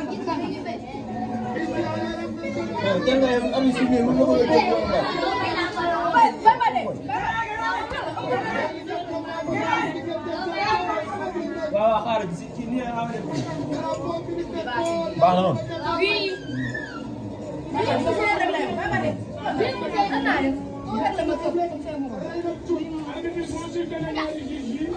waaw xaaral bi si kii nii la xaaral bi. baax na noonu. oui.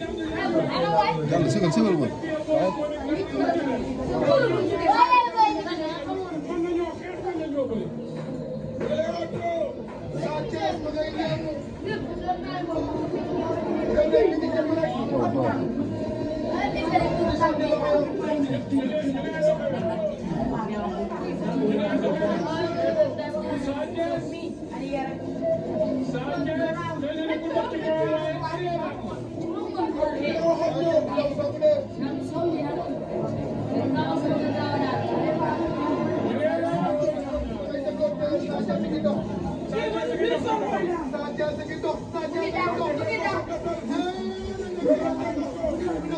yàlla sëgal sëgal ma Sanjay,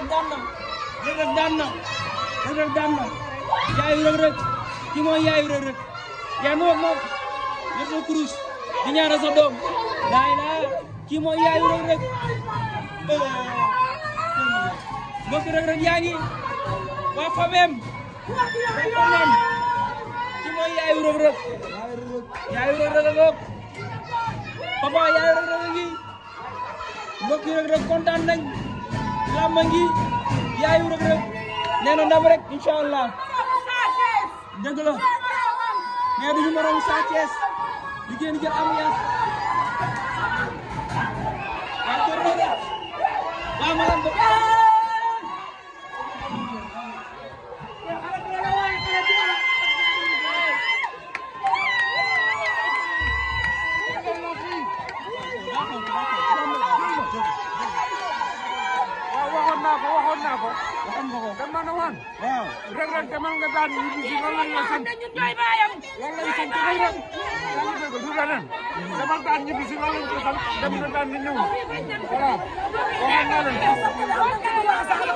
rek daan na rek rek daan na rek rek daan na yaayu rek rek ki mooy yaayu rek rek yaa nu moom yëpp na kurus di ñaanal sa doom daay la ki mooy yaayu rek rek mbokk rek rek yaa ngi waa Fabem waa Fabem ki mooy yaayu rek rek yaayu rek rek rek papa yaayu rek rek ngi mbokk rek rek kontaan nañ làmb ngi yaayu Reug Reug nee na ndam rek incha allah dëgg la mais du ñu moroom Sa Thiès di génn jël ambiance waaw kër Reug Reug waaw naa ko. waxoon nga ko dama na woon. waaw rek rek demal nga daan ñu ngi si loolu la sant. loolu la ñu sant rek rek. yaa ngi dégg du leneen. demal daan ñu ngi si loolu la sant. dem nga daan ñu ñëw. voilà waxoon naa leen ko. waa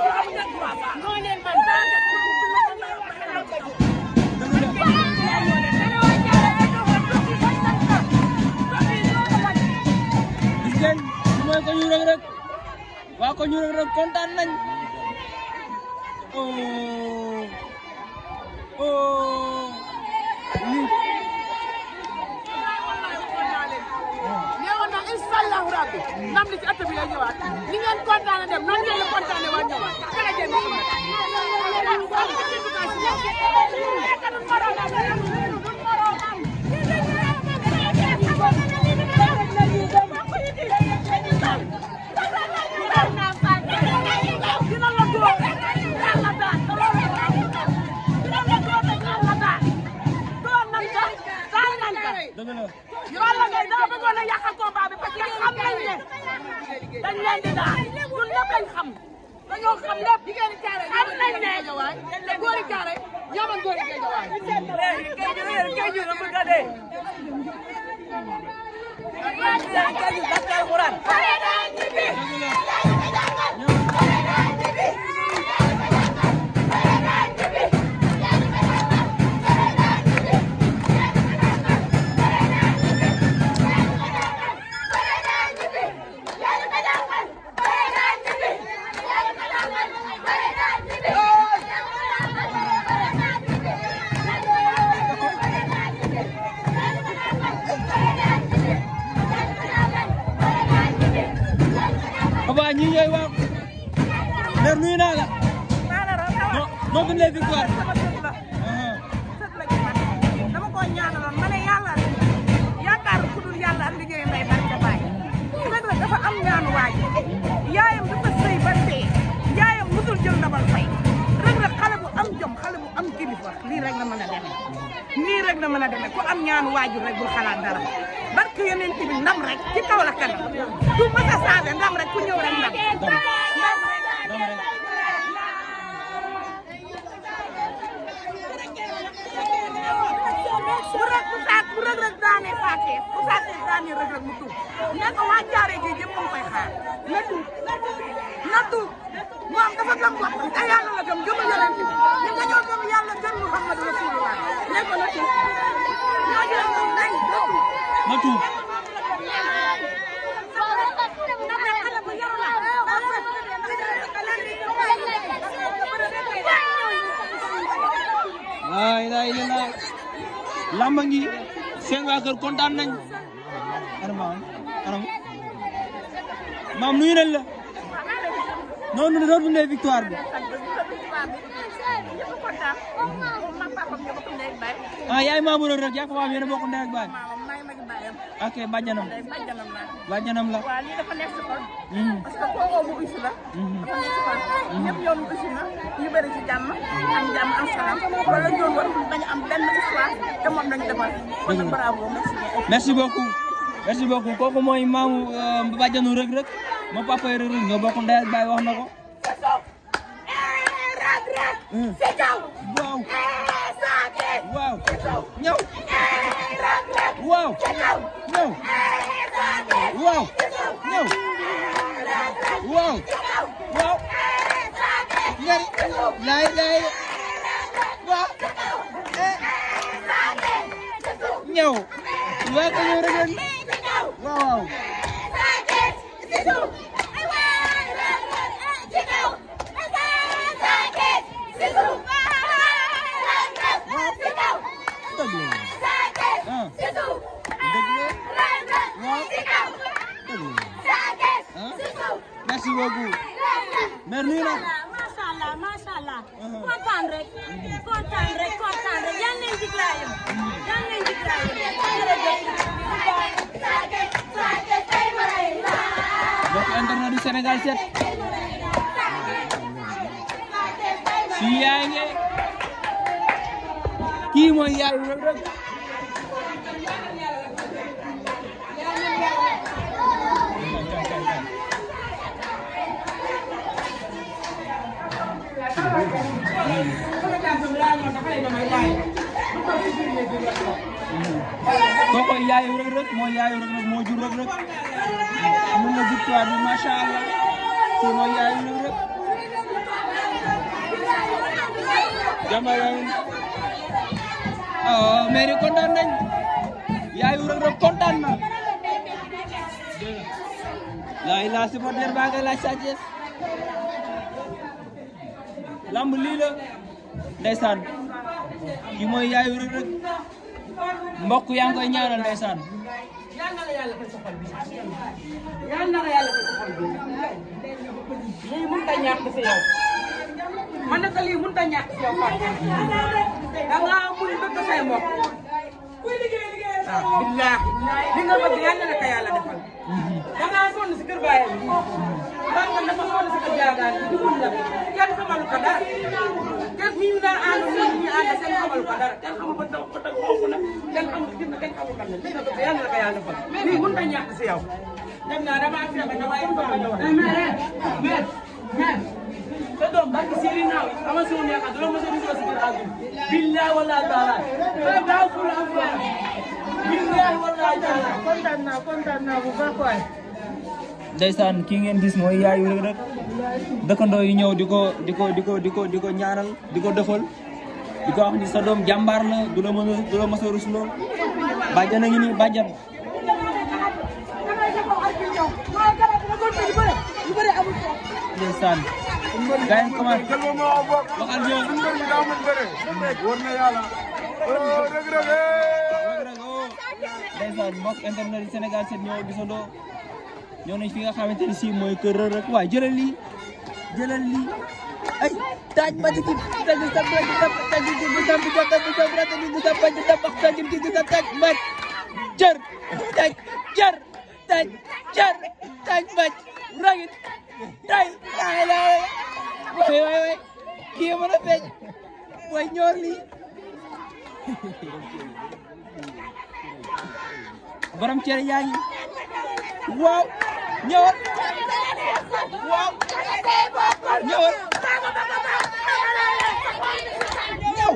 ko ñu rek rek kontaan nañ Oh. Oh. You. Neewoon na inshallah rabbi ndam li ci at bi lay ñëwaat. loolu la ngay dama bëggoon a yàqal combat bi parce que xam nañ ne dañ leen di daal ñun lépp lañ xam dañoo xam lépp xam nañ ne góori kaare ñoo mën góori géejawaay kay ju rëbb ka dee kay ju dakkaay xuraan joxuñ la victoire. dama ko ñaanaloon ma ne yàlla yaakaar ku dul yàlla am liggéeyu mbay barke baay rek la dafa am ñaanu waay yaayam dafa sëy ba tee yaayam musul jël ndabal fay rek la xale bu am jom xale bu am kilifa lii rek la mën a demee nii la mën a demee am ñaanu waajur rek bul xalaat dara barke yeneen ci bi ndam rek kaw la kanam du mën a saabe ndam rek ku ñëw rek ngir Reug Reug mu tuub ne ko waa jaaree ji jëm moom koy xaar na tuub na tuub moom dafa gëm boppam te yàlla la gëm gëm yàlla ci ñun dañoo gëm yàlla gëm Muhammad Rasulullah ne ko na tuub ñoo jël moom day na tuub na tuub waaye daay li nga lamba ngi seen waa kër kontaan nañ ana maam ana maam nuyu nañ la noonu noonu dundee victoire bi. ah yaay maa mu rek yaa ko waa yéen a bokk ndey ak baay. ok bàjjanam bàjjanam la. waaw que koo woo mu usi la. dafa nekk si na ñu bëri ci jàmm am jàmm am salaam wala ñoom war merci beaucoup kooku mooy maamu ma papa yi Reug Reug ñoo bokk ndey ak baay wax na ko. waaw. waaw. ñëw. waaw. ñëw. waaw. ñëw. waaw. waaw. ñari. waaw Merci beaucoup. Merci. kontaan rek kontaan rek kontaan rek yal nañ ci giraayam yal nañ ci giraayam mbokk internet du Sénégal 7 si yaay nge kii mooy yaay Reug Reug Thank you. kooku yaayu Reug Reug mooy yaayu Reug Reug moo jur Reug Reug mun na victoire bi macha allah kii mooy yaayu Reug Reug jàmbaar yaayu oh, mairie kontaan nañ yaayu Reug Reug kontaan na laay laa si moteer baa ngay laaj Sa Thiès lamb lii la ndeysaan mooy yaayu Reug Reug mbokk yaa ngi koy ñaanal ndeysaan na la yàlla fay sa xol bi yàlla na la yàlla a ñàkk si yow man ah, nag da ngaa sonn si kër baayam bi man dafa sonn si kër jaagaan bi dugub la kenn xamalu ko dara kenn ñu daan ànd ñu ñu ànd kenn xamalu ko dara kenn xamul ba taw ba taw xonk na kenn xamul gis na kenn xamul kan la lii nag yàlla na ko yàlla defal lii mën na ñàkk si yow. dem naa damaa fexe damaa yëngu ba ñëwal. mais mais mais. te doom ba ci séeréer naaw yi ama suñu neexal dina mos a dugg si kër àdduna. billaay walaay taala. te daa ful am fula. billaay walaay taala. kontaan naa kontaan naa bu baax waay. ndeysaan kii ngeen gis mooy yaayu Reug Reug dëkkandoo yi ñëw di di di ko di ko di ko ñaanal di ko defal di ni sa doom jàmbaar la du la mën a du la mës a rus lool bàjjan a ngi nii bàjjan ndeysaan oh, oh. internet yi Sénégal seen ñëw ñoo nañ fi nga xamante ni si mooy kër Reug Reug waaye jëlal lii jëlal lii ay taaj ma dikki taj sa bëj sa taj di bu sa bu sa bu sa bu sa bu sa bëj sa bax sa jëm ci sa taj ma jër taj jër taj jër taj ma ragit tay tay la way way way kii mën a feeñ way ñoor lii borom cere yaa ngi waaw ñëwal waaw ñëwal ñëw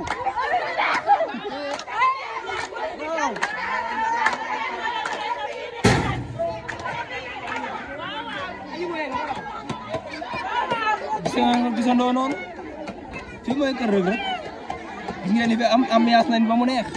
waaw gis nga gisandoo noonu fii mooy kër Reug Reug gis ngeen ni ba am ambiance nañ ba mu neex